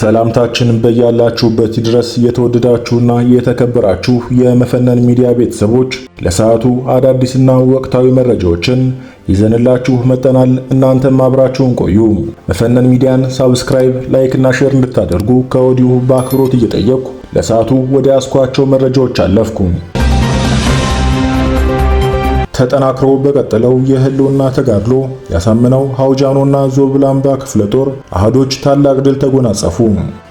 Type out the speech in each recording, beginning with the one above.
ሰላምታችን በያላችሁበት ድረስ የተወደዳችሁና የተከበራችሁ የመፈነን ሚዲያ ቤተሰቦች ለሰዓቱ አዳዲስና ወቅታዊ መረጃዎችን ይዘንላችሁ መጠናል። እናንተም አብራችሁን ቆዩ። መፈነን ሚዲያን ሳብስክራይብ፣ ላይክ እና ሼር እንድታደርጉ ከወዲሁ በአክብሮት እየጠየቅኩ ለሰዓቱ ወደ ያስኳቸው መረጃዎች አለፍኩ። ተጠናክሮ በቀጠለው የህልውና ተጋድሎ ያሳምነው ሐውጃኖና ዞብላምባ ክፍለ ጦር አህዶች ታላቅ ድል ተጎናጸፉ።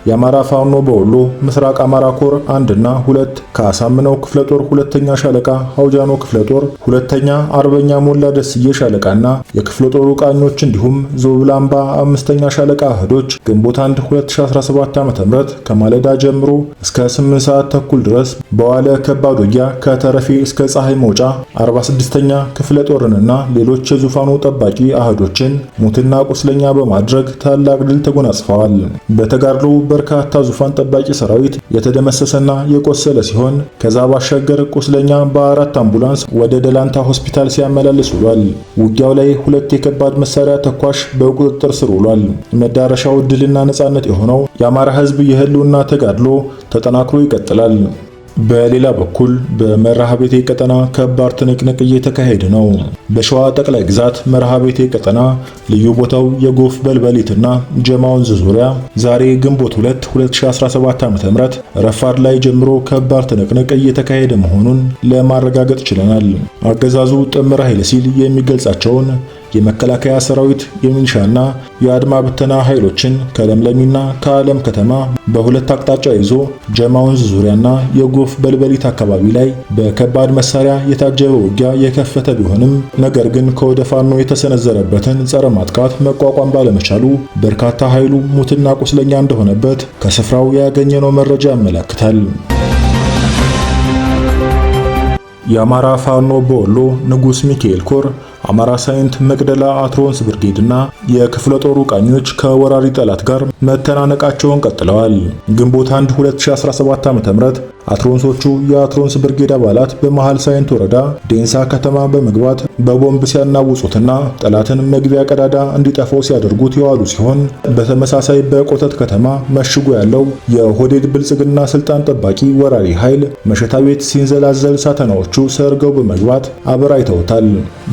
የአማራ ፋኖ በወሎ ምስራቅ አማራ ኮር አንድና ሁለት ከአሳምነው ክፍለ ጦር ሁለተኛ ሻለቃ አውጃኖ ክፍለ ጦር ሁለተኛ አርበኛ ሞላ ደስዬ ሻለቃና የክፍለ ጦሩ ቃኞች እንዲሁም ዞብላምባ አምስተኛ ሻለቃ እህዶች ግንቦት 1 2017 ዓ.ም ከማለዳ ጀምሮ እስከ 8 ሰዓት ተኩል ድረስ በዋለ ከባድ ውጊያ ከተረፌ እስከ ፀሐይ መውጫ 46ኛ ክፍለ ጦርንና ሌሎች የዙፋኑ ጠባቂ አህዶችን ሙትና ቁስለኛ በማድረግ ታላቅ ድል ተጎናጽፈዋል። በተጋድሎ በርካታ ዙፋን ጠባቂ ሰራዊት የተደመሰሰና የቆሰለ ሲሆን ከዛ ባሻገር ቁስለኛ በአራት አምቡላንስ ወደ ደላንታ ሆስፒታል ሲያመላልስ ውሏል። ውጊያው ላይ ሁለት የከባድ መሳሪያ ተኳሽ በቁጥጥር ስር ውሏል። መዳረሻው ድልና ነጻነት የሆነው የአማራ ሕዝብ የህልውና ተጋድሎ ተጠናክሮ ይቀጥላል። በሌላ በኩል በመርሃ ቤቴ ቀጠና ከባድ ትንቅንቅ እየተካሄደ ነው። በሸዋ ጠቅላይ ግዛት መርሃ ቤቴ ቀጠና ልዩ ቦታው የጎፍ በልበሊትና ጀማ ወንዝ ዙሪያ ዛሬ ግንቦት 2 2017 ዓ.ም ረፋድ ላይ ጀምሮ ከባድ ትንቅንቅ እየተካሄደ መሆኑን ለማረጋገጥ ችለናል። አገዛዙ ጥምር ኃይል ሲል የሚገልጻቸውን የመከላከያ ሰራዊት የሚንሻና የአድማ ብተና ኃይሎችን ከለምለሚና ከዓለም ከተማ በሁለት አቅጣጫ ይዞ ጀማ ወንዝ ዙሪያና የጎፍ በልበሊት አካባቢ ላይ በከባድ መሳሪያ የታጀበ ውጊያ የከፈተ ቢሆንም ነገር ግን ከወደ ፋኖ የተሰነዘረበትን ጸረ ማጥቃት መቋቋም ባለመቻሉ በርካታ ኃይሉ ሙትና ቁስለኛ እንደሆነበት ከስፍራው ያገኘነው መረጃ ያመለክታል። የአማራ ፋኖ በወሎ ንጉስ ሚካኤል ኮር አማራ ሳይንት፣ መቅደላ፣ አትሮንስ ብርጌድና እና የክፍለ ጦሩ ቃኞች ከወራሪ ጠላት ጋር መተናነቃቸውን ቀጥለዋል። ግንቦት 1 2017 ዓ.ም አትሮንሶቹ የአትሮንስ ብርጌድ አባላት በመሃል ሳይንት ወረዳ ዴንሳ ከተማ በመግባት በቦምብ ሲያናውጹትና ጠላትን መግቢያ ቀዳዳ እንዲጠፋው ሲያደርጉት የዋሉ ሲሆን በተመሳሳይ በቆተት ከተማ መሽጎ ያለው የሆዴድ ብልጽግና ስልጣን ጠባቂ ወራሪ ኃይል መሸታ ቤት ሲንዘላዘል ሳተናዎቹ ሰርገው በመግባት አበራይተውታል።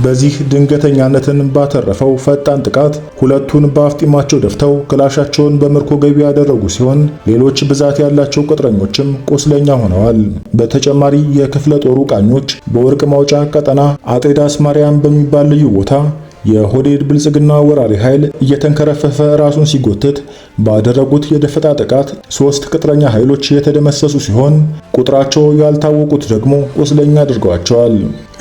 በዚህ ድንገተኛነትን ባተረፈው ፈጣን ጥቃት ሁለቱን በአፍጢማቸው ደፍተው ክላሻቸውን በምርኮ ገቢ ያደረጉ ሲሆን ሌሎች ብዛት ያላቸው ቅጥረኞችም ቁስለኛ ሆነዋል። በተጨማሪ የክፍለ ጦሩ ቃኞች በወርቅ ማውጫ ቀጠና አጤዳስ ማርያም በሚባል ልዩ ቦታ የሆዴድ ብልጽግና ወራሪ ኃይል እየተንከረፈፈ ራሱን ሲጎትት ባደረጉት የደፈጣ ጥቃት ሶስት ቅጥረኛ ኃይሎች የተደመሰሱ ሲሆን ቁጥራቸው ያልታወቁት ደግሞ ቁስለኛ አድርገዋቸዋል።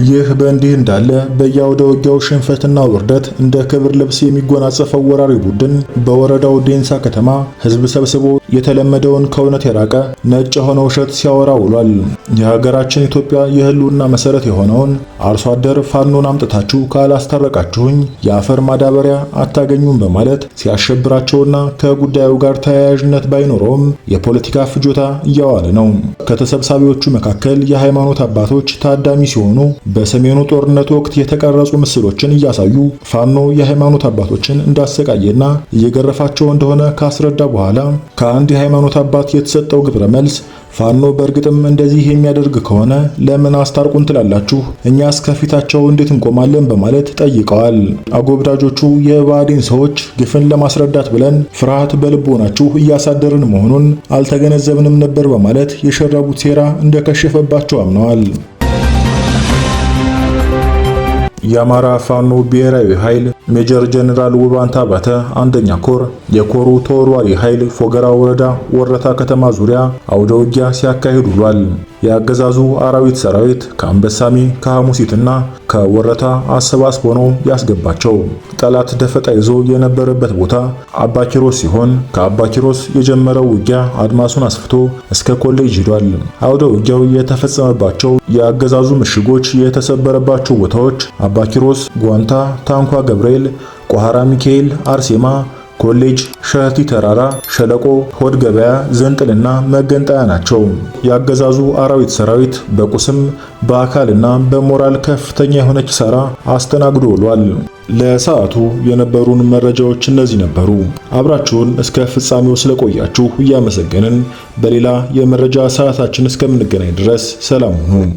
ይህ በእንዲህ እንዳለ በየአውደ ውጊያው ሽንፈትና ውርደት እንደ ክብር ልብስ የሚጎናጸፈው ወራሪ ቡድን በወረዳው ዴንሳ ከተማ ህዝብ ሰብስቦ የተለመደውን ከእውነት የራቀ ነጭ የሆነ ውሸት ሲያወራ ውሏል። የሀገራችን ኢትዮጵያ የህልውና መሰረት የሆነውን አርሶ አደር ፋኖን አምጥታችሁ ካላስታረቃችሁኝ የአፈር ማዳበሪያ አታገኙም በማለት ሲያሸብራቸውና ከጉዳዩ ጋር ተያያዥነት ባይኖረውም የፖለቲካ ፍጆታ እያዋለ ነው። ከተሰብሳቢዎቹ መካከል የሃይማኖት አባቶች ታዳሚ ሲሆኑ በሰሜኑ ጦርነት ወቅት የተቀረጹ ምስሎችን እያሳዩ ፋኖ የሃይማኖት አባቶችን እንዳሰቃየና እየገረፋቸው እንደሆነ ካስረዳ በኋላ ከአንድ የሃይማኖት አባት የተሰጠው ግብረ መልስ ፋኖ በእርግጥም እንደዚህ የሚያደርግ ከሆነ ለምን አስታርቁን ትላላችሁ? እኛ ከፊታቸው እንዴት እንቆማለን? በማለት ጠይቀዋል። አጎብዳጆቹ የባዴን ሰዎች ግፍን ለማስረዳት ብለን ፍርሃት በልቦናችሁ እያሳደርን መሆኑን አልተገነዘብንም ነበር በማለት የሸረቡት ሴራ እንደከሸፈባቸው አምነዋል። የአማራ ፋኖ ብሔራዊ ኃይል ሜጀር ጀነራል ውባንታ አባተ አንደኛ ኮር የኮሩ ተወርዋሪ ኃይል ፎገራ ወረዳ ወረታ ከተማ ዙሪያ አውደ ውጊያ ሲያካሂድ ውሏል። የአገዛዙ አራዊት ሰራዊት ከአንበሳሜ ከሐሙሲትና ከወረታ አሰባስቦ ነው ያስገባቸው። ጠላት ደፈጣ ይዞ የነበረበት ቦታ አባኪሮስ ሲሆን ከአባኪሮስ የጀመረው ውጊያ አድማሱን አስፍቶ እስከ ኮሌጅ ሂዷል። አውደ ውጊያው የተፈጸመባቸው የአገዛዙ ምሽጎች የተሰበረባቸው ቦታዎች አባኪሮስ፣ ጓንታ፣ ታንኳ ገብርኤል፣ ቆሃራ ሚካኤል፣ አርሴማ ኮሌጅ፣ ሸቲ ተራራ፣ ሸለቆ፣ ሆድ ገበያ፣ ዘንጥልና መገንጠያ ናቸው። ያገዛዙ አራዊት ሰራዊት በቁስም በአካልና በሞራል ከፍተኛ የሆነ ኪሳራ አስተናግዶ ውሏል። ለሰዓቱ የነበሩን መረጃዎች እነዚህ ነበሩ። አብራችሁን እስከ ፍጻሜው ስለቆያችሁ እያመሰገንን በሌላ የመረጃ ሰዓታችን እስከምንገናኝ ድረስ ሰላም ሁኑ።